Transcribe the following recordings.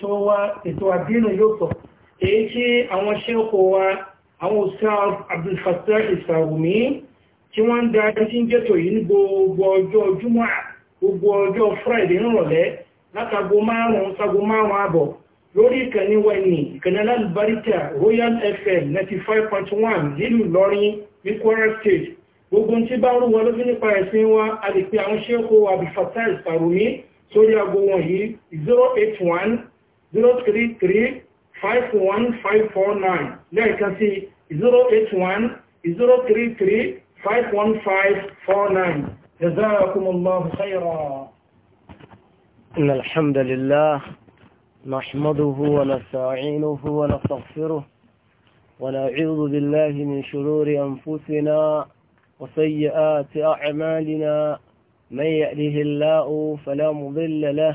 tó wá ètò àdínà yóò tọ̀ èyí tí àwọn ṣẹ́kọ̀ wa àwọn òṣìṣẹ́ abdulfatah ìsàwùmí tí wọ́n ń da títí ń jẹ́tò yìí ní gbogbo ọjọ́ júmọ́ gbogbo ọjọ́ friday nírọ̀lẹ́ látago márùn-ún sago márùn-ún àbọ̀ lórí ìkànnì wẹ̀nì ìkànnì alábàríkà royal fm 95.1 nílùú ìlọrin ní kwara state gbogbo tí bá rú wọn ló fi nípa ẹ̀sìn wa a lè pe àwọn ṣẹ́kọ̀ abdulfatah ìsàwùmí sórí ago wọ̀nyí 081 033 51549 lẹ́ẹ̀kan sí 081 033 51549 جزاكم الله خيرا إن الحمد لله نحمده ونستعينه ونستغفره ونعوذ بالله من شرور أنفسنا وسيئات أعمالنا من يأله الله فلا مضل له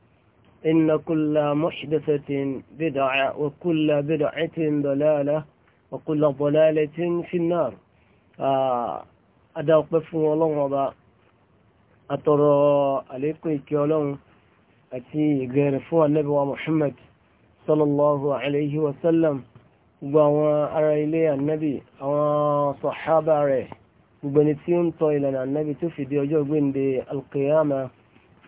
إن كل محدثة بدعة وكل بدعة ضلالة وكل ضلالة في النار أدعوك بفهم الله وضع أترى عليكم كيولون أتي غيرفوا النبي محمد صلى الله عليه وسلم وأنا أرى إلي النبي صحابة أرى وبنتيون طويلا النبي تفيد يجوب عند القيامة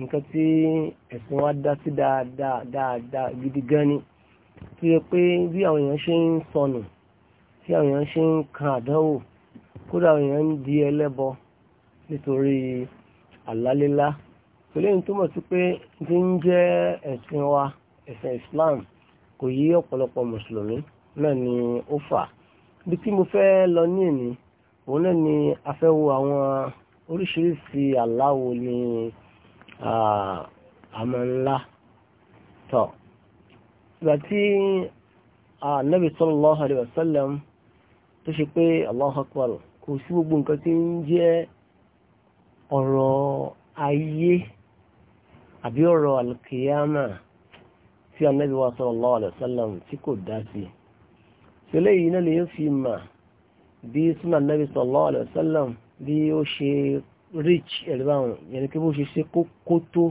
nǹkan tí ẹ̀sìn wa dá sí dáadáa dáadáa gidi gan ni tí ó pé bí àwọn èèyàn ṣe ń sọnù tí àwọn èèyàn ṣe ń kan àdánwò kódà àwọn èèyàn ń di ẹlẹ́bọ nítorí àlálélá pẹ̀lú èyí túmọ̀ sí pé tí ń jẹ́ ẹ̀sìn wa ẹ̀sìn Islam kò yí ọ̀pọ̀lọpọ̀ mùsùlùmí náà ni ó fà bí tí mo fẹ́ lọ ní èní òun náà ni a àwọn oríṣiríṣi àláwo ni. Ah, àmọ́ ńlá tọ̀ ìgbà tí ah, Ànábì sallallahu alaihi wasallam tó ṣe pé Allahu akbar kò sí gbogbo nǹkan tí ń jẹ́ ọ̀rọ̀ ayé àbí ọ̀rọ̀ alkiyama tí Ànábì wa sallallahu alaihi wasallam tí kò dá sí ṣẹlẹ̀ yìí náà lè fi mà bí súnà Ànábì sallallahu alaihi wasallam bí ó ṣe rich ẹ̀rọ báwọn yẹn kí bó ṣe ṣe kókó tó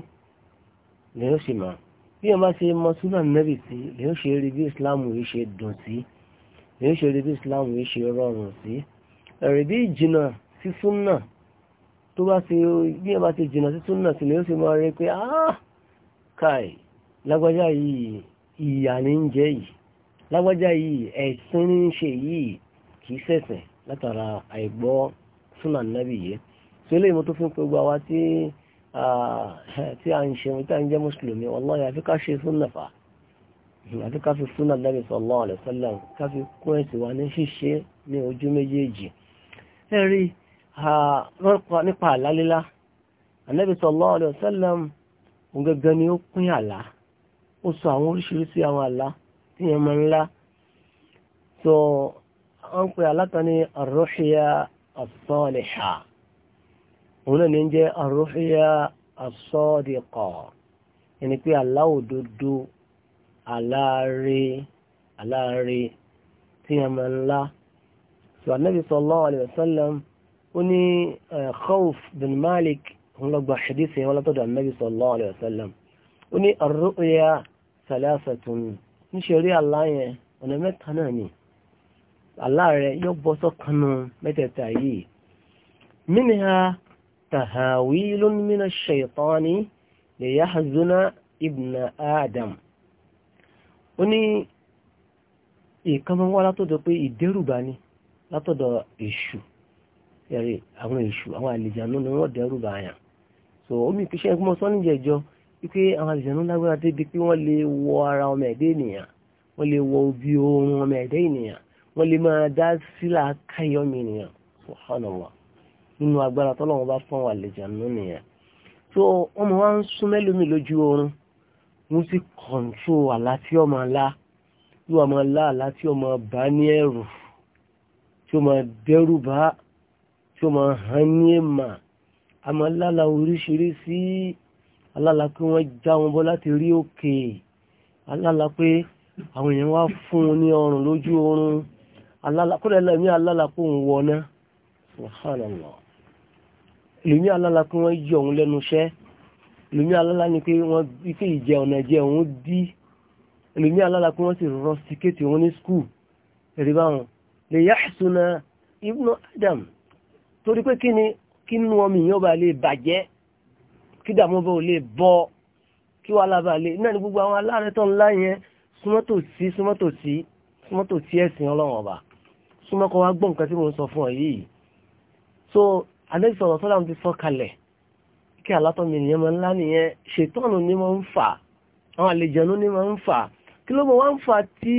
lèyàn ṣe máa bí wọn bá ṣe mọ súnà nẹ́bì sí lèyàn ṣe rí bí islam yìí ṣe dùn sí lèyàn ṣe rí bí islam yìí ṣe rọrùn sí ẹ̀rẹ̀ bí ìjìnà sí súnà tó bá ṣe bí wọn bá ṣe jìnà sí súnà sí lèyàn ṣe máa rí pé ah kai lágbájá yìí ìyà ní ń jẹ yìí lágbájá yìí ẹ̀sìn ní ń ṣe yìí kì í ṣẹ̀sìn látara àìgbọ́ súnà nẹ́bì yìí tí ó lè mọ́ tó fi ń pe gbà wá tí tí a ń ṣe tí a ń jẹ́ mùsùlùmí wallahi àfi ká ṣe súnà fà àfi ká fi súnà Nabi sallallahu alaihi wasallam ká fi kún ẹ̀sìn wa ní ṣíṣe ní ojú méjèèjì ẹ̀rí nípa àlálélá Nabi sallallahu alaihi wasallam òun gẹ́gẹ́ ni òun náà ní jẹ́ arúfíà asọ́dìkọ̀ ẹni pé aláòdodo aláàrí aláàrí tí a máa ń lá sọ anábì sallallahu alaihi wasallam ó ní eh, Khawf bin Malik òun lọ gba hadith yẹn látọ̀dọ̀ anábì sallallahu alaihi wasallam ó ní arúfíà sàlẹ́sàtún níṣẹ́rí aláyẹn ọ̀nà mẹ́ta náà ni aláàrẹ yóò bọ́ sọ́kànnà mẹ́tẹ̀ẹ̀ta yìí mínìhà tahawilun min ash-shaytani liyahzuna ibna adam ó ní ìkànnì wá látọ̀dọ̀ pé ìdẹ́rùbà ni látọ̀dọ̀ èṣù ẹ̀rẹ̀ àwọn èṣù àwọn ni wọ́n dẹ́rùbà àyàn so omi ìpínṣẹ́ ẹgbẹ́ sọ́ní jẹjọ wípé àwọn àlìjànú lágbára débi pé wọ́n lè wọ ara ọmọ ẹ̀dẹ́ ènìyàn lè wọ obi oorun ọmọ ènìyàn lè máa dá sílà ènìyàn nínú agbára tọ́lọ́wọ́n bá fún wa lè jànú nìyẹn tó ọmọ wa ń sún mẹ́lómi lójú oorun wọ́n sì kọ̀ǹtró àlá tí ọmọ alá tí ọmọ alá àlá tí ọmọ bá ní ẹ̀rù tí ọmọ dẹ́rù bá tí ọmọ hàn ní èèmà àmọ́ lála oríṣiríṣi alála pé wọ́n já wọn bọ́ láti rí òkè alála pé àwọn èèyàn wá fún un ní ọrùn lójú oorun alála kó lẹ́lẹ́mí alála pé òun wọ náà subhanallah lèmi alála pé wọ́n yí òun lẹ́nu iṣẹ́ lèmi alála ni pé wọ́n ike ìjẹ ọ̀nà ìjẹ òun dí lèmi alála pé wọ́n sì rọ́síkéètì òun ní skul èrè báwọn lè yáṣùnà ibnu adam torí pé kí ni kí nínú ọmọ ìyàn bá lè bàjẹ́ kí dààmú bá ò lè bọ́ kí wàhálà bá lè náà ni gbogbo àwọn aláàrẹ tó ńlá yẹn súnmọ́tò sí súnmọ́tò sí súnmọ́tò sí ẹ̀sìn ọlọ́run ọba súnmọ́kọ wa gbọ́ nǹkan tí mo ń sọ fún ọ yìí so Ànábì sallallahu alaihi wasallam ti sọ kalẹ̀ kí alátọ́mi nìyẹn máa ńlá nìyẹn ṣètọ́nù ni máa ń fà àwọn àlejànú ni máa ń fà kí ló mọ̀ wá ń fà tí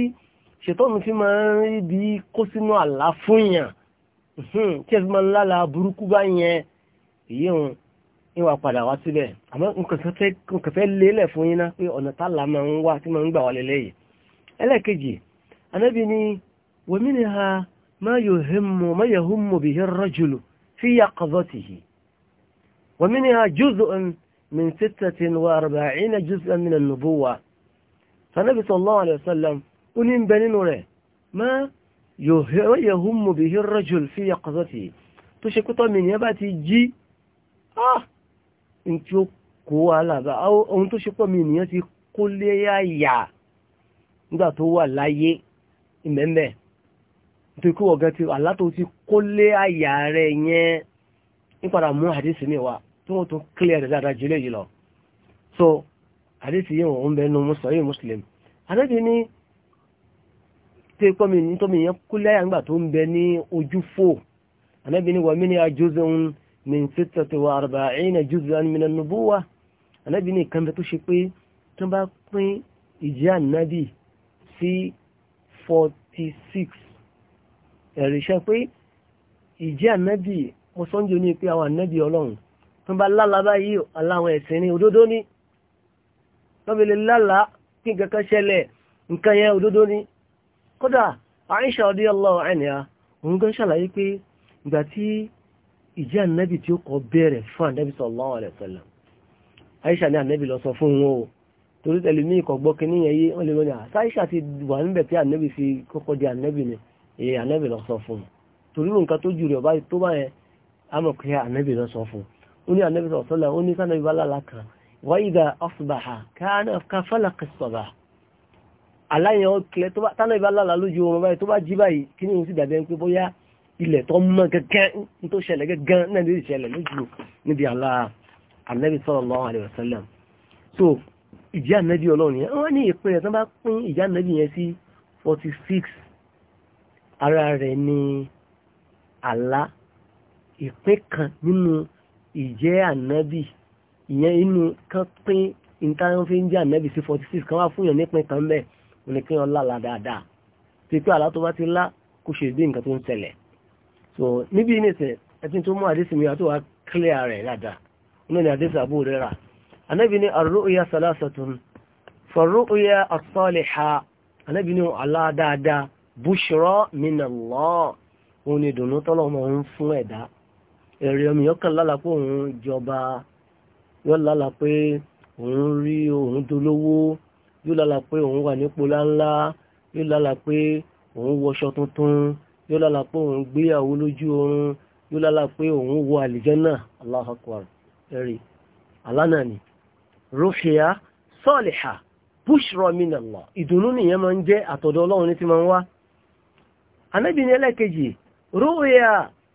ṣètọ́nù fi máa ń rí bí kó sínú àlá fún yàn tí ẹ fi máa ń lála burúkú bá yẹn èyí òun wà padà wá síbẹ̀ àmọ́ nǹkan lélẹ̀ fún yín náà pé ọ̀nà tálà máa ń wá tí máa ń gbà wà lélẹ́yìí ẹlẹ́ẹ̀kejì Ànábì ni wòmínira máa yóò máa yóò في يقظته ومنها جزء من ستة وأربعين جزءا من النبوة فنبي صلى الله عليه وسلم أنين بنين ما يهم به الرجل في يقظته تشكت من يباتي جي آه انتو كوالا أو انتو شكت من يتي كل يا يا nígbà tó wà láyé ìmẹ́mẹ́ nítorí kí ọ̀gá ti àlá tó ti kó lé àyà rẹ̀ yẹn nípadà mú àdísì mi wá tí wọ́n tún clear rẹ̀ dáadáa jùlẹ̀ yìí lọ so àdísì yìí wọ́n ń bẹ nu mùsùlùmí mùsùlùmí àdébí ní tí kọ́ mi ní tómi yẹn kó lé àyà ńgbà tó ń bẹ ní ojú fò àdébí ní wọ́n mi ní àjọzẹ̀ ń ní títàtì wà àrùbà ẹ̀yìn náà jùzẹ̀ mìíràn nùbú wa àdébí ní ìkànnì tó ṣe pé tó bá pín ìjẹ́ ànábì sí forty six ẹ̀rìṣẹ́ pé ìjẹ́ ànábì mo sọ́njú ní pé àwọn ànábì ọlọ́run tó bá lálàbá yìí aláwọn ẹ̀sìn ní òdodo ní lọ́bẹ̀lẹ̀ lálà kí nǹkan kan ṣẹlẹ̀ nǹkan yẹn òdodo ní kódà Aisha radiyallahu anha òun gan ṣàlàyé pé ìgbà tí ìjẹ́ ànábì tí ó kọ bẹ̀rẹ̀ fún Aisha ní ànábì lọ sọ fún o torí tẹ̀lé ní ìkọ̀gbọ́ kìnìyàn yé wọ́n lè ní ah, èyí ànábì lọ sọ fún un torí nǹkan tó jù rẹ̀ ọba tó bá yẹn àmọ̀ pé ànábì lọ sọ fún un ó ní ànábì sọ sọ́lá ó ní sànàbí bá lálá kan wá ìgbà ọ̀sùbàhà káfàlà kẹsọ̀bà aláyẹn ọkẹlẹ tánàbí bá lálá lójú oorun báyìí tó bá jí báyìí kí ni òun sì dàbí ẹni pé bóyá ilẹ̀ tó mọ́ gẹ́gẹ́ tó ṣẹlẹ̀ ọlọ́run yẹn wọ́n ní ìpínlẹ̀ tó bá pín ìjẹ́ ànábì yẹn sí forty six ara rẹ̀ ni àlá ìpín kan nínú ìjẹ́ ànábì ìyẹn inú kan pín ìtàn fi ń jẹ́ ànábì sí 46 kan wá fún yàn nípín kan bẹ́ẹ̀ oníkín ọlá là dáadáa tí àlá tó bá ti lá kó ṣe bi nǹkan tó ń ṣẹlẹ̀ so níbi ìníṣẹ́ ẹtún tó mú àdísì mi àti wà clear rẹ̀ dáadáa ni àdísì àbú rẹ̀ rà ànábì ní arúgbóyà salasatun farúgbóyà asọ́lẹ̀ ha ànábì ni àlá dáadáa bushra minallah òun ni ìdùnnú tọ́lọ́ ọmọ òun fún ẹ̀dá èrè ọmọ yóò kàn lálàá pé òun jọba yóò lálàá pé òun rí òun dolówó yóò lálàá pé òun wà nípò láńlá yóò lálàá pé òun wọṣọ tuntun yóò lálàá pé òun gbéyàwó lójú oorun yóò lálàá pé òun wọ àlìjẹ́nà Allahu Akbar alánàní rúfìá sọ́ọ̀lìhà bushra minallah ìdùnnú nìyẹn máa ń jẹ́ àtọ̀dọ̀ ọlọ́run ní ti máa ń wá anábì ní ẹlẹ́kejì rúwìyà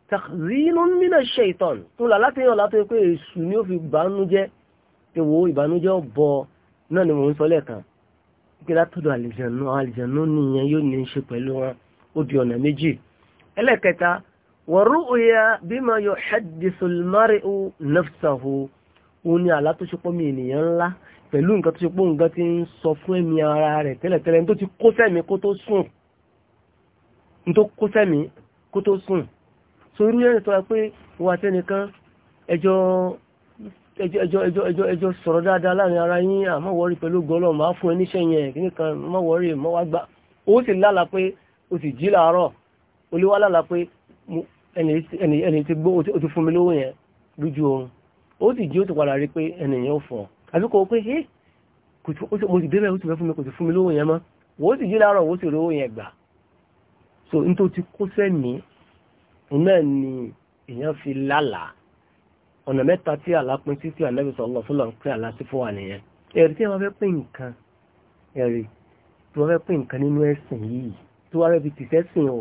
tàzínú mínà ṣaitan tó là látẹ̀yàn látọ̀ pé èṣù ni ó fi bànújẹ́ èwo ìbànújẹ́ ọ̀bọ náà ni mò ń sọ lẹ́ẹ̀kan pé látọ̀dọ̀ àlìjànú àlìjànú nìyẹn yóò ní í ṣe pẹ̀lú wọn ó di ọ̀nà méjì ẹlẹ́kẹta wọ̀rúwìyà bímọ yóò hadisul mari'u nafsahu òun ni àlá tó ṣe pọ́ mi ènìyàn ńlá pẹ̀lú nǹkan tó ṣe pọ́ nǹkan ti ń sọ fún ẹ̀mí ara rẹ̀ tẹ́lẹ̀tẹ́lẹ̀ tó ti kó sẹ́mi kó tó sùn tó kó sẹ́mi kó tó sùn so irú yẹn tó wá pé wà tẹ́nìkan ẹjọ́ ẹjọ́ ẹjọ́ ẹjọ́ ẹjọ́ ẹjọ́ sọ̀rọ̀ dáadáa láàrin ara yín àmọ́ wọ́rí pẹ̀lú gọ́lọ̀ máa fún ẹ níṣẹ́ yẹn kí nìkan mọ́ wọ́rí mọ́ wá gbà ó sì lálà pé ó sì jí làárọ̀ ó lé wá lálà pé ẹni tí gbó ó ti fún mi lówó yẹn lójú oorun ó sì jí ó ti padà rí pé ẹnìyàn ò fọ̀ àbí kò pé mo sì débẹ̀ ó ti fẹ́ fún mi kò sì fún mi lówó yẹn mọ́ wọ́n sì jí làárọ̀ wọ́n sì rówó yẹn gbà so n tó ti kó sẹ́ni náà ni èèyàn fi lálàá ọ̀nà mẹ́ta tí àlápín títí ànábì sallallahu alaihi wasallam ń pín àlá sí fún wa nìyẹn ẹ̀rí tí wọ́n fẹ́ pín nǹkan ẹ̀rí tí wọ́n fẹ́ pín nǹkan nínú ẹ̀sìn yìí tí wọ́n fẹ́ fi tìṣẹ́ sìn o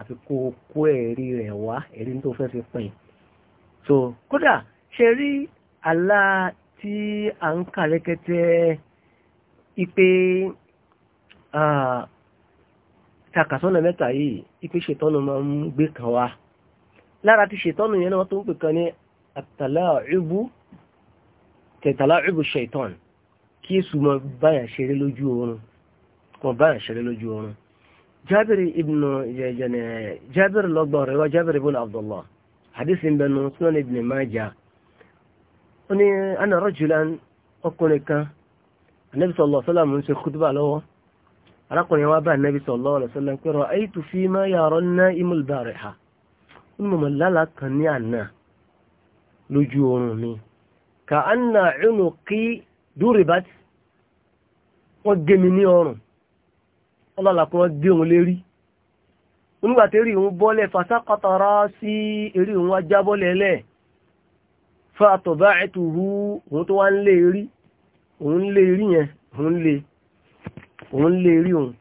àfi kó o kó ẹ̀rí rẹ̀ wá ẹ̀rí tó fẹ́ fi pín so kódà ṣe rí àlá tí à ń kà lẹ́kẹ́tẹ́ ipe ah, takàsọ́nà mẹ́ta yìí ipé ṣètọ́nù máa ń gbé kan wá lára ti ṣètọ́nù yẹn náà tó ń pè kan ní àtàláìbù ṣètọ́n kí èsù mọ báyà ṣeré lójú oorun mọ báyà ṣeré lójú lọ́gbọ̀n rẹ̀ wá jábìrì ibn abdullah bẹnu sunan ibn arákùnrin wa bá nẹ́bí sallallahu alaihi wasallam pé ra'aytu fima yara an-na'imu al-bariha ha ní mọ̀mọ́ lálá kan ní àná lójú oorun mi ka'anna unuqi duribat wọ́n gé mi ní ọrùn ọlọ́lá wọ́n gé òun lérí onígbàtí rí òun bọ́lẹ̀ fasaqata sí eré òun wá lẹ̀ fa atba'tuhu òun tó wá ń lé eré òun lé eré yẹn òun lé e òun lè rí òun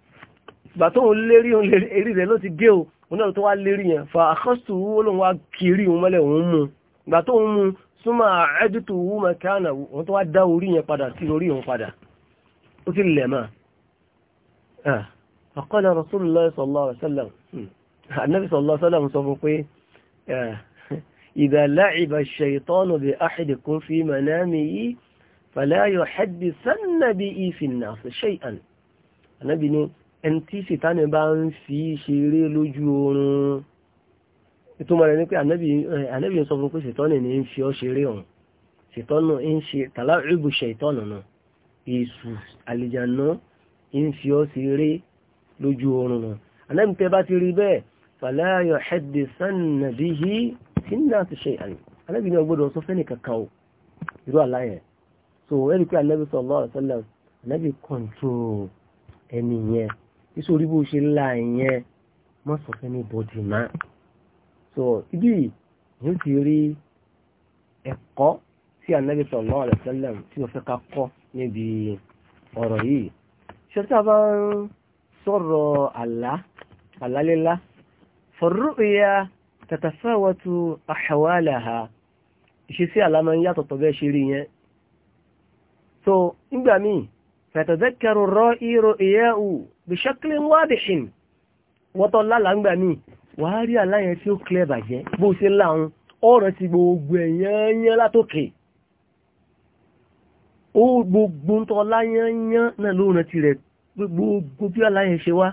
ìgbà tó òun lè rí òun eré rẹ̀ ló ti gé o òun náà tó wá lè rí yẹn fa àkọ́sù owó lòun wá kiri òun mọ́lẹ̀ òun mú ìgbà tó òun mú súnmọ́ àẹ́dùtù owó mẹ́kánà òun tó wá dá orí yẹn padà sí orí òun padà ó ti lẹ̀ mọ́ àkọ́lẹ̀ rasulullah sallallahu alaihi anabi hmm. sallallahu alaihi sọ fún pé إذا لعب الشيطان بأحدكم في منامه فلا يحدثن به في الناس شيئا ànábì ní ẹni tí sìtánì bá ń fi ṣeré lójú oorun ìtumọ̀ rẹ̀ ni pé ànábì ń sọ fún pé sìtánì ní ń fi ọ́ ṣeré ọ̀hún sìtánì ń ṣe tàlá ìbùṣẹ̀ ìtọ́nà náà èṣù àlìjàná ń fi ọ́ ṣeré lójú oorun náà ànábì tẹ́ bá ti rí bẹ́ẹ̀ fàlàyọ̀ ẹ̀dẹ̀ sànàbí yìí tí ń dá ti ṣe àná ànábì ní ọgbọ́dọ̀ sọ fẹ́ni kankan o irú àlàyé so ẹ̀rí pé ànábì sallallahu alaihi wasallam ànábì control ẹni yẹn iṣẹ́ orí bó ṣe ńlá yẹn mọ́ ní bọ́dì náà so ibi yóò ti rí ẹ̀kọ́ tí Ànábì sallallahu alaihi wasallam tí wọ́n fẹ́ ká kọ́ níbi ọ̀rọ̀ yìí ṣẹ́ta bá ń sọ̀rọ̀ àlá àlálélá fọ̀rọ̀ìyà tàtàfẹ́wọ́tú ahwalaha ìṣesí àlámọ́ yàtọ̀tọ̀ bẹ́ẹ̀ ṣe rí yẹn so nígbà míì fẹ̀tẹ̀dẹ́kẹrù rọ ìrò ìyẹ́ù bí ṣẹ́kílín wádìí wọ́tọ̀ lálàgbà ní wàá rí aláyẹn tí ó kílẹ̀ bàjẹ́ bó ṣe láhun ọ̀rọ̀ ti gbogbo ẹ̀yányán látòkè ó gbogbo ń tọ́ láyányán náà ló rántí rẹ̀ gbogbo bí aláyẹn ṣe wá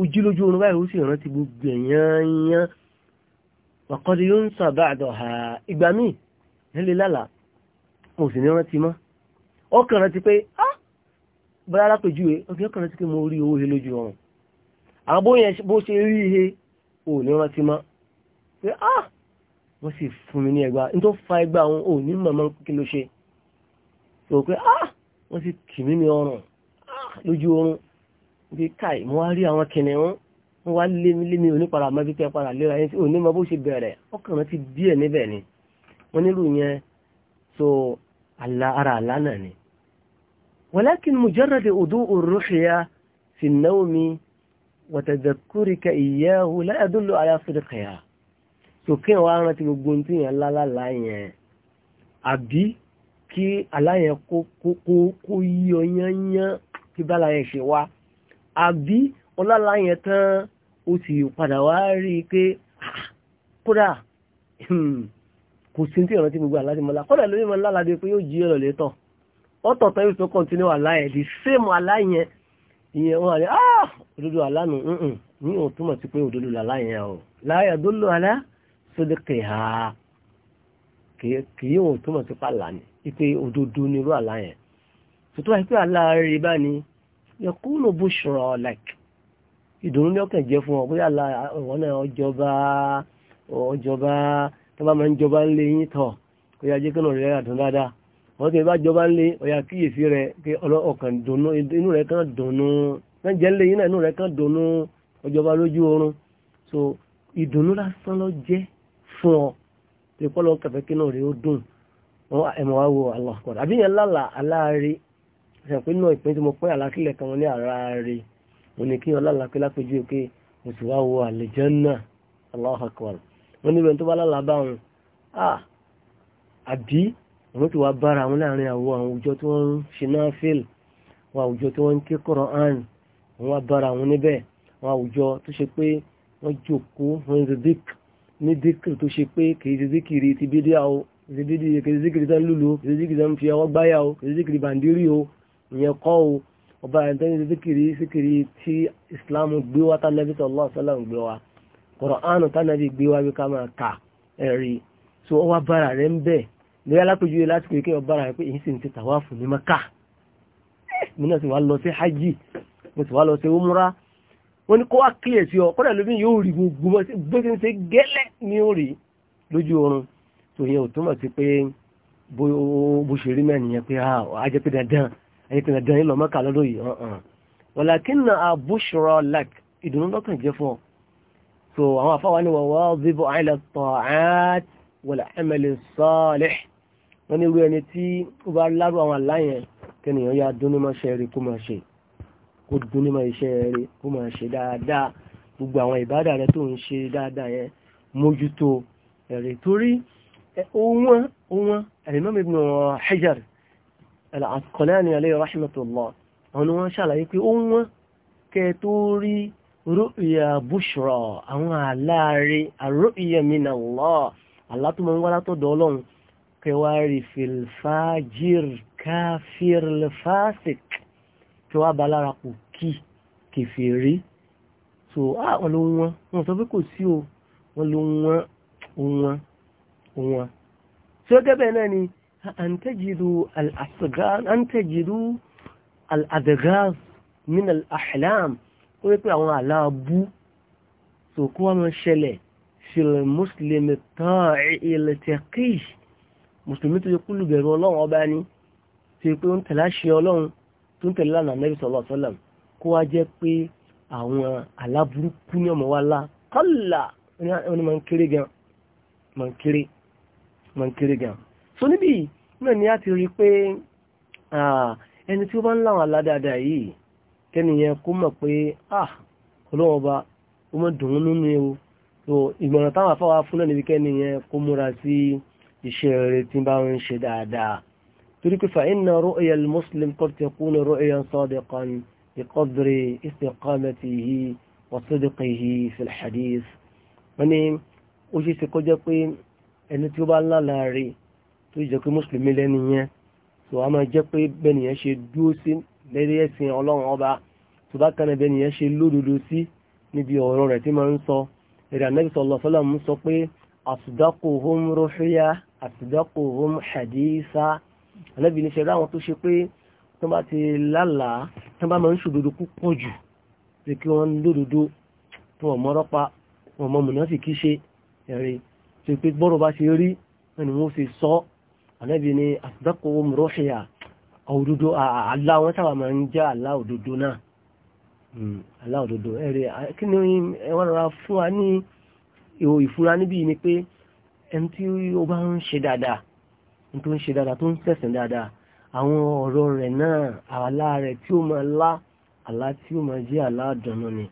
ojú lójú oorun báyìí ó sì rántí gbogbo ẹ̀yányán wàkọ́dé yóò ń sàbá àdọ̀hà ìgbà míì nílé lálàá mo sì ní rántí mọ́ ọkàn rántí pé bóyá alápèjúwe ọkẹ́ ọkùnrin tí kí mo rí owó he lójú ọrùn àwọn bó ṣe rí he ò ní rántí mọ́ pé ah wọ́n sì fún mi ní ẹgbà ní tó fa ẹgbà àwọn ò ní mọ̀mọ́ kí ló ṣe tó pé ah wọ́n sì kì mí ní ọrùn ah lójú oorun bí káì mo wá rí àwọn kìnìún wọ́n wá lé mi lé mi onípara mọ́ bí tẹ́ para léra yẹn tí ò ní mọ bó ṣe bẹ̀rẹ̀ ọkùnrin ti díẹ̀ níbẹ̀ ni wọ́n nílò yẹn so ara àlá náà ni ولكن مجرد أضوء الرحية في النوم وتذكرك إياه لا أدل على صدقها sòkè wa rántí gbogbo ohun لا yẹn lálálà yẹn àbí kí aláyẹn kó yí ọ yányán kí bála yẹn ṣe wá àbí ọlálà yẹn tán ó sì padà wá rí i pé kódà kò sí ní tí ìrántí gbogbo àlá ti mọ́ la kódà lórí mọ́ lálàá bí pé yóò jí ọ̀tọ̀ọ̀tọ̀ yóò tó kọ́ntínú àlá ẹ̀ the same àlá yẹn ìyẹn wọn àní ah òdodo àlá nù nùn ní òun túmọ̀ sí pé òdodo làlá yẹn o láyà dóló àlá sódé kìhà kìí òun túmọ̀ sí pàlà ní ipe òdodo nírú àlá yẹn tuntun àti pé àlá rí bá ní yẹkú ló bó ṣọrọ like ìdùnnú ní ọkàn jẹ fún ọ bóyá àlá ọ̀wọ́n náà ọjọba ọjọba tó bá máa ń jọba ń lé yín tọ̀ kó yá jẹ́ kí náà rí ẹ̀yà dáadáa wọ́n ti bá jọba ń lé ọ̀yà kíyèsí rẹ̀ pé ọkàn dùnú inú rẹ̀ kan dùnú náà jẹ́ lé yín náà inú rẹ̀ kan dùnú ọjọba lójú oorun so ìdùnnú lásán lọ jẹ́ fún ọ pé kọ́lọ́ kẹfẹ́ kí náà rẹ̀ ó dùn wọ́n ẹ̀mọ́ wá wo aláàkọ́dà àbí yẹn lálà aláàrí ṣàn pé náà ìpín tí mo pín àlákìlẹ̀ kan ní àráàrí mo ní kí ọlá làpé lápéjú pé mo sì wá àwọn ti wá bára àwọn láàrin àwọn àwùjọ tí wọ́n ń ṣe náà fíl àwọn àwùjọ tí wọ́n ń ké Qur'an àwọn abára àwọn níbẹ̀ àwọn àwùjọ tó ṣe pé wọ́n jókòó wọ́n zidik ní dikiri tó ṣe pé kì í ṣe zikiri ti bí díà o kì í ṣe zikiri tán lùlù kì í ṣe zikiri tán fi ọwọ́ gbáyà o kì í ṣe zikiri bàndírì o ìyẹn kọ́ o ọba ẹ̀ńtẹ́ ní zikiri zikiri tí Islam gbé wa tánàbí sallallahu alaihi wasallam gbé wa Qur'an tánàbí gbé wa bí ká máa kà ẹ̀rí so ọwọ́ abára rẹ̀ ń bẹ́ẹ̀ bóyá lápèjúwe lásìkò yìí kéèyàn bára rẹ̀ pé èyí sì ń ti tàwáàfù ní maka mi náà sì wá lọ sí hajj mo sì wá lọ sí umra wọ́n ní kó wá clear sí ọ kọ́dà lóbi yóò rí gbogbo bó ṣe ń ṣe gẹ́lẹ́ ní orí lójú oorun tó yẹ ò túmọ̀ sí pé bó ṣe rí mẹ́rin yẹn pé ajẹ́ ah, pé dandan ajẹ́ pé dandan ìlọ maka lọ́dọ̀ yìí hàn walakinna abushra lak ìdùnnú lọ́kàn jẹ́ fún ọ so àwọn afáwa ni wọ́n wá bíbọ̀ àìlẹ̀ tọ̀ àt wal amal salih wọ́n ní irú ẹni tí ó bá lárú àwọn aláyẹn kẹ́nìyàn yá dúnímọ̀ iṣẹ́ rí kó máa ṣe kó dúnímọ̀ iṣẹ́ rí kó máa ṣe dáadáa gbogbo àwọn ìbádà rẹ tó ń ṣe dáadáa yẹn mójútó ẹ̀rẹ̀ torí ohun ohun Imam Ibn Hajar al-Asqalani alayhi rahmatullah àwọn wọn ṣàlàyé pé ohun kẹ tó rí ru'ya bushra àwọn aláàrí ar-ru'ya min kẹwàárí filfajir káfírlfásik kẹwàá balára kò kí kèfèrí so àwọn ah, ló wọn wọn sọ pé kò sí o wọn ló wọn wọn wọn tí ó gẹ́bẹ̀ náà ni àǹtẹ́jìrú al'adagaz min al'ahlam ó wípé àwọn aláàbú so kó wọ́n mọ́ ṣẹlẹ̀ fil muslim ta'i ilẹ̀ tẹ́kìí mùsùlùmí tó yẹ kúlù bẹ̀rù ọlọ́run ọba ni tó yẹ pé ó ń tẹ̀lé àṣẹ ọlọ́run tó ń tẹ̀lé lánàá nẹ́bí sọ̀lọ́ sọ́lẹ̀m kó wá jẹ́ pé àwọn aláburúkú ní ọmọ wa lá kọ́là wọn máa ń kéré gan máa ń kéré máa ń kéré gan. so níbí náà ni a ti rí i pé ẹni tí ó bá ń láwọn aládáadáa yìí kẹ́niyẹn kó mọ̀ pé ah ọlọ́run ọba ó mọ̀ dùn ún nínú ewu ìgbọ̀nà táwọn afáwà fún náà níbi kẹ́niyẹn kó múra sí i iṣẹ́ rere tí bá ń ṣe dáadáa torí pé fa inna ru'ya al-muslim qad takunu ru'yan sadiqan biqadri istiqamatihi wa sidqihi fil hadith wọ́n ní ó ṣe é ṣe kó jẹ́ pé ẹni tí ó bá lálàá tó jẹ́ pé mùsùlùmí lẹ́nu yẹn tó a máa jẹ́ pé bẹ́nìyàn ṣe dúó sí lẹ́rẹ́ ẹ̀sìn ọlọ́run ọba tó bá kan bẹ́nìyàn ṣe lódodo sí níbi ọ̀rọ̀ rẹ̀ tí máa ń sọ ẹ̀rẹ̀ ànábì àtìdọ́kọ̀ ohun hadisa alẹ́bí ní ṣẹ̀rọ àwọn tó ṣe pé tó bá ti lálàá tó bá máa ń ṣòdodo púpọ̀ jù pé kí wọ́n lódodo tó wọ́n mọ́rọ́ pa wọ́n mọ́ mùnà sì kí ṣe ẹ̀rí tó pé gbọ́rọ̀ bá ṣe rí ẹni wọ́n ṣe sọ alẹ́bí ní àtìdọ́kọ̀ ohun rọ́ṣìyà òdodo àlá wọn sábà máa ń jẹ́ àlá òdodo náà hmm, àlá òdodo ẹ̀rí kí ni wọ́n rọra fún wa ní ìfura níbí ni pé ẹni tí ó bá ń ṣe dáadáa tó ń ṣe dáadáa tó ń ṣẹ̀sìn dáadáa àwọn ọ̀rọ̀ rẹ̀ náà àlá rẹ̀ tí ó máa lá àlá tí ó máa jẹ́ àlá àdánù ni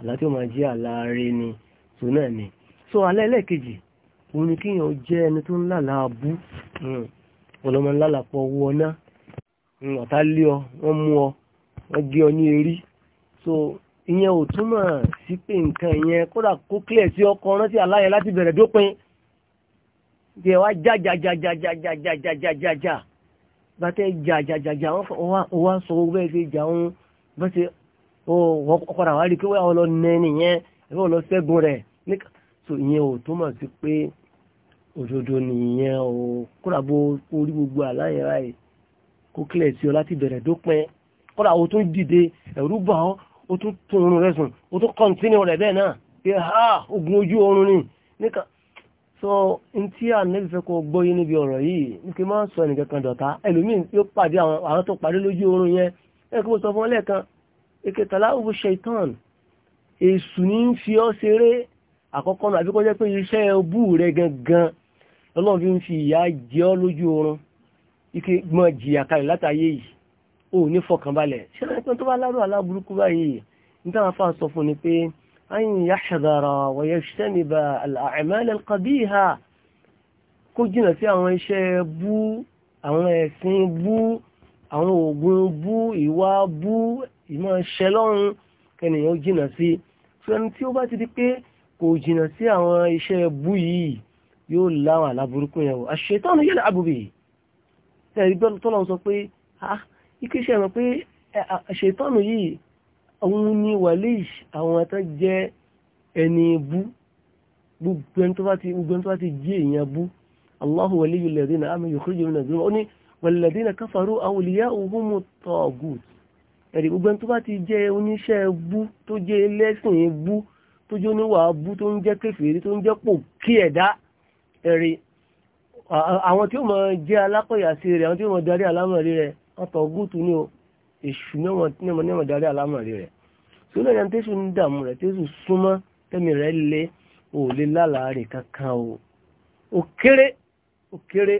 àlá tí ó máa jẹ́ àlá rẹ ni tó náà ni so alẹ́ ẹlẹ́ẹ̀kejì òun ni kíyàn jẹ́ ẹni tó ń lálà abú hmm. ọlọ́mọ lálàpọ̀ owó ọ̀nà hmm, ọ̀tá lé ọ wọ́n mú ọ wọ́n gé ọ ní erí so ìyẹn ò túmọ̀ sí pé nǹkan ìyẹn kódà kó clear sí ọkọ rántí aláyẹ láti bẹ̀rẹ̀ dópin jẹ́ wá jájájájájájájájájá bàtẹ́ jájájájá wọ́n sọ bẹ́ẹ̀ fi jà ń bẹ́sẹ̀ ọkọ̀ra wá rí pé wọ́n lọ nẹ́ nìyẹn ẹgbẹ́ lọ ṣẹ́gun rẹ̀ so ìyẹn ò túmọ̀ sí pé òdodo nìyẹn ò kúràbó orí gbogbo àláyẹ̀rá yìí kó kílẹ̀ sí ọ láti bẹ̀rẹ̀ dópin kọ́ra o tún dìde ẹ̀rú bà ọ́ o tún tún oorun rẹ̀ sùn o tún kọ́ntínú rẹ̀ bẹ́ẹ̀ náà pé ha ogun ojú oorun ni níkan so n tí ànábì fẹ́ kó gbóyé níbi ọ̀rọ̀ yìí ní kí n máa sọ ẹnìkan kan dọ̀tá ẹlòmíín yóò pàdé àwọn tó pàdé lójú oorun yẹn ẹ kí mo sọ fún ọ lẹ́ẹ̀kan ìkẹtàlá òwò ṣaitan èṣù ní ń fi ọ́ ṣeré àkọ́kọ́ náà àbíkọ́ jẹ́ pé iṣẹ́ ọbú rẹ gangan ọlọ́run fi ń fi ìyà jẹ ọ́ lójú oorun ike gbọ́n jìyà kalẹ̀ látàyè yìí ò ní fọkànbalẹ̀ ṣé ẹni tó bá lárò aláburúkú báyìí nítawọn afáà sọ fún ni pé أن يحذر ويجتنب الأعمال القبيحة kó jìnà sí àwọn iṣẹ́ bú àwọn ẹ̀sìn bú àwọn oògùn bú ìwà bú ìmọ̀ ṣẹ́ lọ́run kẹ́nìyàn ó jìnà sí fẹ́ni tí ó bá ti di pé kò jìnà sí àwọn iṣẹ́ bú yìí yóò láwọn aláburúkú yẹn wò àṣetán yẹn àbùbì tẹ̀rí gbọ́dọ̀ tọ́lọ́ sọ pé ah ike ṣe mọ̀ pé àṣetán yìí òun ni wàlíṣ àwọn tó jẹ́ ẹni bú gbogbo ẹni tó bá ti jí èèyàn bú Allahu waliyul ladina amanu yukhrijuhum minaz zulumati ó ní walladina kafaru awliya'uhumut taghut ẹ̀rí gbogbo ẹni tó àwọn tí ó mọ̀ jẹ́ alákọ̀yà sí rẹ̀ àwọn tí ó mọ̀ darí alámọ̀rí rẹ̀ ọ̀tọ̀ gúùtù ni o èṣù ní ọmọ darí alámọ̀rí rẹ̀ tí ó lẹ́yìn tẹ́sù ń dààmú rẹ̀ tẹ́sù súnmọ́ tẹ́mi rẹ̀ lé ò lè lálàárẹ̀ kankan o ó kéré ó kéré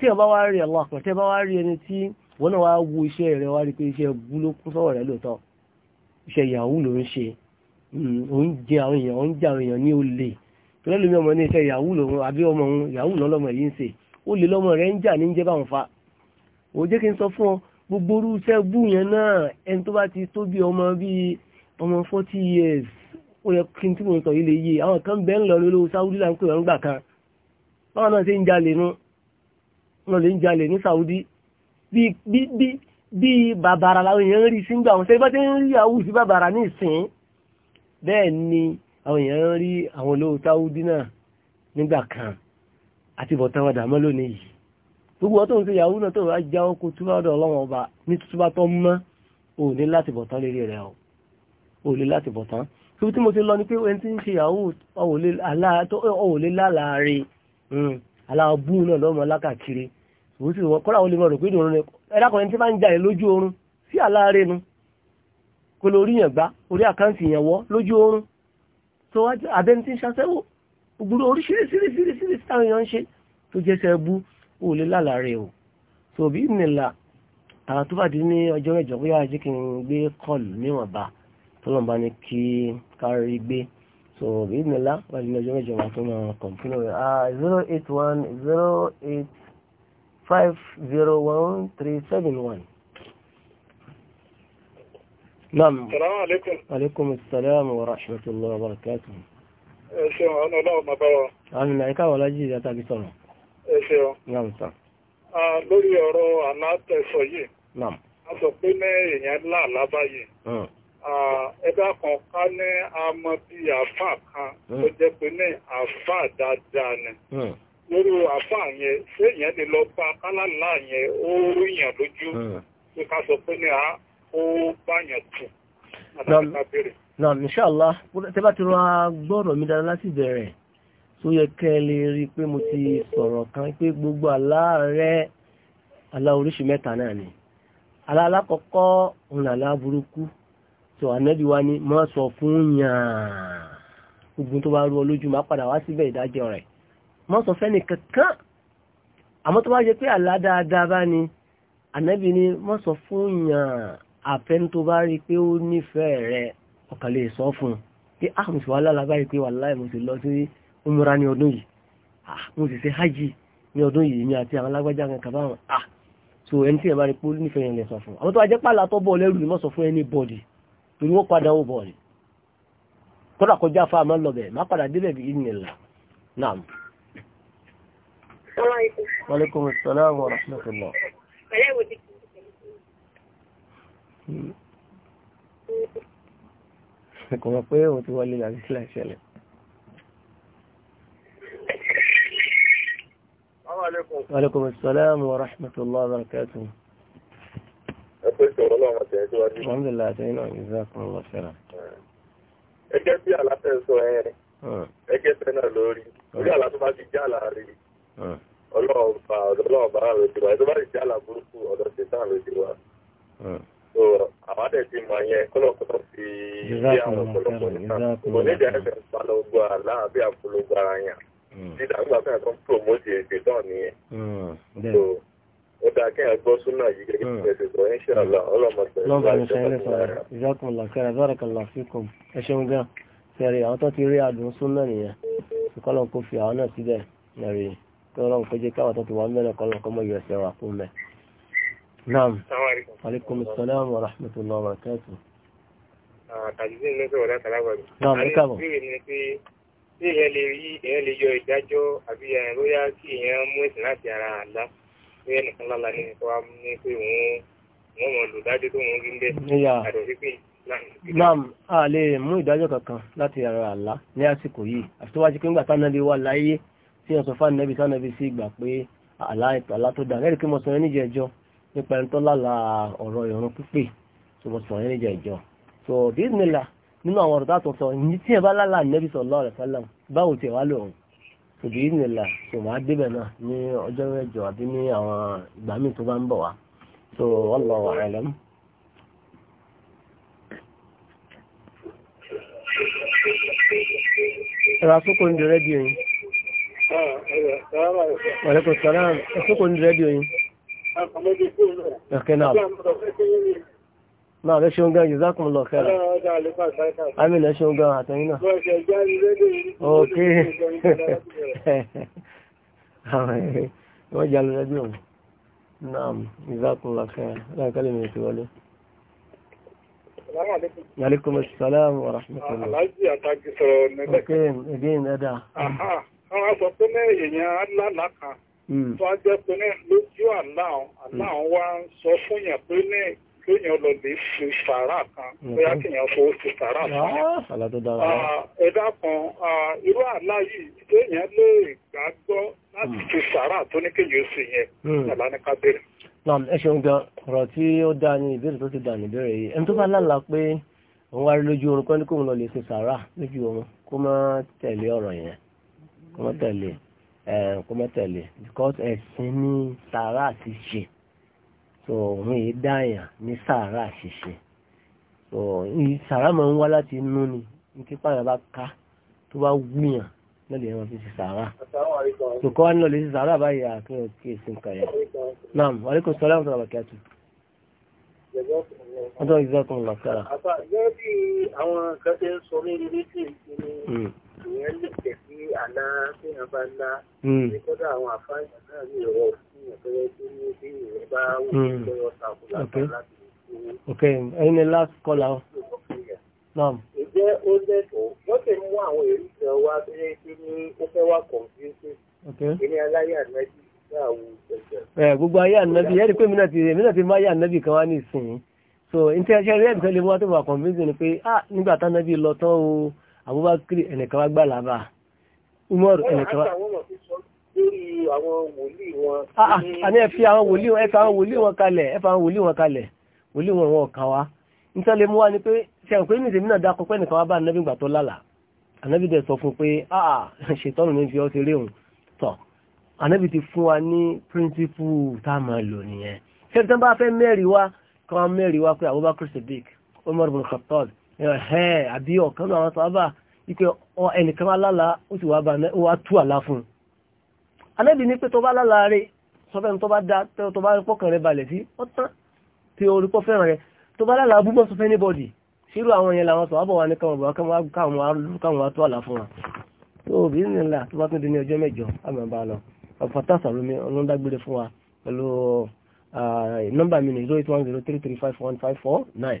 tí ọba wá rí àwọn àpọ̀ tẹ́ bá wá rí ẹni tí wọ́n náà wá wo iṣẹ́ rẹ̀ wá rí pé iṣẹ́ bú ló kún sọ́wọ́ rẹ̀ lóòótọ́ iṣẹ́ yahoo ló ń ṣe òun hmm, jẹ àwọn èèyàn òun jẹ àwọn èèyàn ní olè tọ́lẹ́lómi ọmọ ní iṣẹ́ yahoo lòun yìí ń ṣe olè lọ́mọ rẹ̀ ń jà ní ń jẹ́ báwọn fa òjé kí n sọ fún ọ gbogbo orúṣẹ́ bú yẹn náà ẹni tó bá ti tó bí ọmọ bíi ọmọ forty years ó yẹ kí n tí mò sọ yìí lè yé àwọn kan bẹ́ẹ̀ ń lọ ní olówó Saudi là ń pè wọ́n gbà kan báwọn náà ṣe ń jalè nu wọn lè ń jalè ní Saudi bí bí bí bí bàbàrà làwọn èèyàn ń rí sí gbà wọn ṣe bá ti ń rí àwùjọ sí bàbàrà ní ìsìn bẹ́ẹ̀ ni àwọn èèyàn ń rí àwọn olówó Saudi náà nígbà kan àti bọ̀tán wọn dàmọ́ lónìí yìí gbogbo ọtọ́ nǹkan ìyàwó náà tó wá já ọkọ̀ túbá ọ̀dọ̀ ọlọ́run ọba ní túbá tó mọ́ ò ní láti bọ̀tán lérí rẹ̀ ọ̀ ò lè láti bọ̀tán tó tí mo ti lọ ni pé ẹni tí ń ṣe ìyàwó ọ̀ lè láàárín aláàbù hmm, náà lọ́mọ lákàkiri òun sì wọ́n kọ́ra olè mọ̀ rò pé ìdùnnú ni ẹ̀dákùnrin tí bá ń ja ẹ̀ lójú oorun sí aláàárẹ̀ nu kò lórí yàn gbá orí àkáǹtì yàn wọ́ lójú oorun tó wá abẹ́ni tí ń ṣàṣẹ́wò gbogbo oríṣiríṣiríṣiríṣiríṣi táwọn èèyàn ń ṣe tó jẹ́ sẹ́ẹ̀bù ó lè lálàárẹ̀ o tó bí nìlà àwọn tó bá di ní ọjọ́ mẹ́jọ bóyá jẹ́ kí n gbé kọlù níwọ̀nba tó lọ́nba ni kí kárí gbé so bí nìlà wà ní ọjọ́ mẹ́jọ wà tó máa kọ̀m̀pínú rẹ̀ ah, zero eight one zero eight five zero one three seven one. Naam. Salaamu alaikum. Alaikum salaam wa rahmatullahi wa barakatuh. Ṣé wọn ọlọ́run máa bá wa? Àmì náà, ẹ̀ka wọ́n lájí ìyá tàbí sọ̀rọ̀. Ese ọ, lórí ọ̀rọ̀ yìí. a sọ pé ní èèyàn ńlá alábáyé. ẹgbẹ́ kan ní amọ̀ bíi kan tó hmm. jẹ́ pé ní dáadáa ni. Hmm. lórí yẹn ṣé èèyàn lè lọ bá kálálà yẹn ó lójú. Hmm. pé ká sọ ó tù. náà agbọ́rọ̀ mi tó yẹ kẹ́ lè rí pé mo ti sọ̀rọ̀ kan pé gbogbo aláàárẹ̀ aláoríṣi mẹ́ta náà ni alálákọ̀ọ́kọ́ òun àlá tó ànábì wa ni mọ́ sọ fún yàn gbogbo tó bá rú olójú máa padà wá síbẹ̀ ìdájọ́ rẹ̀ mọ́ sọ fẹ́ni kankan àmọ́ tó bá jẹ pé àlá dáadáa bá ni ànábì ni mọ́ sọ fún yàn àfẹ́ni tó bá rí pé ó nífẹ̀ẹ́ rẹ̀ ọ̀kàn sọ fún un pé áhùn ah, sí wàhálà lábáyé pé wàhálà ìmọ̀sí lọ sí umra ní ọdún yìí ah mo sì ṣe hajj ní ọdún yìí ní àti àwọn alágbájá kan kàbá wọn ah so ẹni tí ẹ bá rí pé nífẹ̀ẹ́ yẹn lè sọ fún àwọn tó wá pàlà tó bọ̀ lẹ́rù ni mọ́ sọ fún ẹni bọ̀dì torí wọ́n padà ó bọ̀ ni kódà kọjá fa àmọ́ lọ bẹ̀ má padà débẹ̀ bí ìnìlá náà. Wàlékùn sàlámù ọ̀rọ̀sílẹ̀kùnlọ. Kò mọ̀ pé òun ti wọlé àti sílẹ̀ ìṣẹ̀lẹ̀. عليكم وعليكم السلام ورحمة الله وبركاته الحمد لله تينا جزاكم الله خيرا ẹgẹ́ في. aláfẹ́ sọ ẹ̀rẹ̀ hmm. ẹgẹ́ bẹ́ẹ̀ náà lórí hmm. orí àlá tó bá ti já àlá rí hmm. ọlọ́ọ̀bà ọ̀dọ́lọ́ọ̀bà rẹ̀ ti wá ẹ̀ tó bá ti já àlá burúkú ọ̀dọ̀ ṣetán ló ti wá so àwọn àdẹ̀ ti mọ̀ yẹn kọ́lọ̀kọ́lọ̀ fi bí àwọn ọ̀pọ̀lọpọ̀ nìkan kò ní ìdẹ́rẹ́fẹ̀ ń pa lọ́gbọ́ àlá àbí àpolówó ara yẹn dídá nígbà tí àkọ́ promote èdè náà nìyẹn hmm. so ó dáa kí àgbọ́ súnà yìí gẹ́gẹ́ bí hmm. ẹ̀sìn sọ insha Allah hmm. ọlọ́mọdé lọ́ba ní sẹ́lẹ̀ sọ̀rọ̀ ìjọkùnlá kẹrẹ bárakàlá fíkùn ẹ ṣeun gan sẹ́rí àwọn tó ti rí adùn súnà nìyẹn kọ́lọ̀ kó fi àwọn náà síbẹ̀ lẹ́rìí kọ́lọ̀ kó jẹ́ káwọn tó ti wà mẹ́rin kọ́lọ̀ kọ́ mọ́ yọ ẹsẹ̀ fún mẹ́. naam aleykum salaam wa rahmatullahi wa barakatuh. Ah, àtàlùfẹ́ ṣé èèyàn lè rí èèyàn lè yọ ìdájọ́ àbí bóyá kí èèyàn mú ẹ̀sìn láti ara àlá bóyá nìkan lálá ní ẹ̀kọ́ wa ní pé òun wọ́n mọ̀ lò dájú tó wọ́n rí ń bẹ́ àdọ̀ wípé Naam, a lè mú ìdájọ́ kankan láti ara àlá ní àsìkò yìí. Àfi tó wá sí pé ńgbà tánàbí wà láyé tí ọ̀sán fánàbí sánàbí sí ìgbà pé àlá ìtàlá tó dà. Lẹ́rìí kí mo sọ yẹn níjẹ ẹjọ́ nípa ẹni tó lálàá ọ̀rọ̀ ìrun pípé tó mo sọ yẹn níjẹ ẹjọ́. So, bí nílà nínú àwọn ọ̀rọ̀ tààtọ̀ sọ ní tí ẹ bá lálà nẹ́bí sallallahu alaihi wasallam báwo tẹ̀ wá lòun tòbí nìlà tó máa débẹ̀ náà ní ọjọ́ mẹ́jọ àbí ní àwọn ìgbà míì tó bá ń bọ̀ wá so wallahu a'lam. ẹ̀rọ asókò ní rẹ́díò yìí. ọ̀rẹ́kùn sọ̀rọ̀ asókò ní rẹ́díò yìí. ọ̀kẹ́ náà náà lọ ṣeun gan yìzákùn lọ kẹ́ra àmì lọ ṣeun gan àtẹ̀yìn náà ok wọ́n jà lọ rẹ́díò ah, pé ní èèyàn lálàá kan. Hmm. Tó á jẹ́ pé ní lójú àláhùn, wá ń sọ fún yàn pé ní kéèyàn lọ lè fi sàárà kan mhm. bóyá kéèyàn fowó fi sàárà fún yàn. Ah, ah, ẹ dákun ah, irú àlá yìí kéèyàn lè gbàgbọ́ láti hmm. fi sàárà tó ní kéèyàn sì yẹn hmm. àlá ní kábẹ́rẹ́. naam ẹ ṣeun gan ọ̀rọ̀ tí ó dá ní ìbéèrè tó ti dà ní ìbéèrè yìí ẹni tó bá lálàá pé òun wá rí lójú oorun pẹ́ẹ́ni kóun lọ lè fi sàárà lójú oorun kó má tẹ̀lé ọ̀rọ̀ yẹn kó má tẹ̀lé kó má tẹ̀lé because ẹ̀sìn ní sàárà ti ṣe so òun yìí dáàyàn ní sàárà ṣíṣe so sàárà máa ń wá láti inú ni ní kípa yẹn bá ká tó bá wúyàn náà lè wọ́n fi ṣe sàárà so kọ́ wá ní ọ̀lẹ́ ṣe sàárà báyìí àkíyàn kí èsì ń kàyà naam aleykum salaam tó làbàkẹ́ àtù. ọjọ́ ìjọba làkàrà. àbá gẹ́gẹ́ bí àwọn kan ṣe ń sọ ní ilé tí ìsinmi hmm ìyẹn lè jẹ́ kí àlá téèyàn bá ná ní hmm. kódà àwọn àfáàyàn náà ní ìrọ̀ fíyàn tó yẹ kí ní bí ìrẹ́ bá wọ́n hmm. takò láti láti ní. last call out. ǹjẹ́ ó lẹ́tọ̀ọ́ wọ́n ti mú àwọn èrì kan wá tó yẹ kí ní ó fẹ́ wá kọ̀ǹpútì ìní aláyé ànábì ìgbàwó ìgbẹ̀jẹ̀. gbogbo so ní tí a ṣe rí ẹ̀mí tó lè mú wá tó wà kọ̀ǹpútì ni pé ah nígbà tánábì lọ tán o. Abubakar ẹnìkan wá gbà Umar ẹnìkan wá. Ah, ah, àní ẹ fi àwọn wòlíì wọn ẹ fi àwọn wòlíì wọn kalẹ̀ ẹ fi àwọn wòlíì wọn kalẹ̀ wòlíì wọn wọn kàn wá nítorí mú ni pé ṣe àwọn pé nìṣẹ́ mi náà dákọ pé ẹnìkan wá bá ànábì gbà tó lálà ànábì sọ fún pé àà ah, ṣètọ́nù ní fi ọ́ ṣeré tọ̀ ànábì ti fún wa ní píríncípù tá lò nìyẹn ṣé bá fẹ́ mẹ́rin wá kí wọ́n wá pé Abubakar Siddiq Umar bin Khattab ẹ̀hẹ́ àbí ọ̀kan náà sábà wípé ẹnìkan alála ó sì wá tú àlá fún un alẹ́bí ní pé tó bá lála rẹ̀ sọfẹ́ni tó bá dá tó bá pọ́kàn rẹ̀ balẹ̀ sí ọ̀tán tí orí pọ́ fẹ́ràn rẹ̀ tó bá lála búbọ́ sọ fẹ́ni bọ́dì ṣírú àwọn yẹn làwọn sọ̀rọ̀ àbọ̀ wa ní káwọn bọ̀ káwọn wá tú àlá fún wa tó bí nílà tó bá tún di ní ọjọ́ mẹ́jọ àmàbà lọ ọ̀fọ̀tàṣà lómi ọlọ́dàgbére fún wa pẹ̀lú ah, nọ́mbà mi ní 08103351549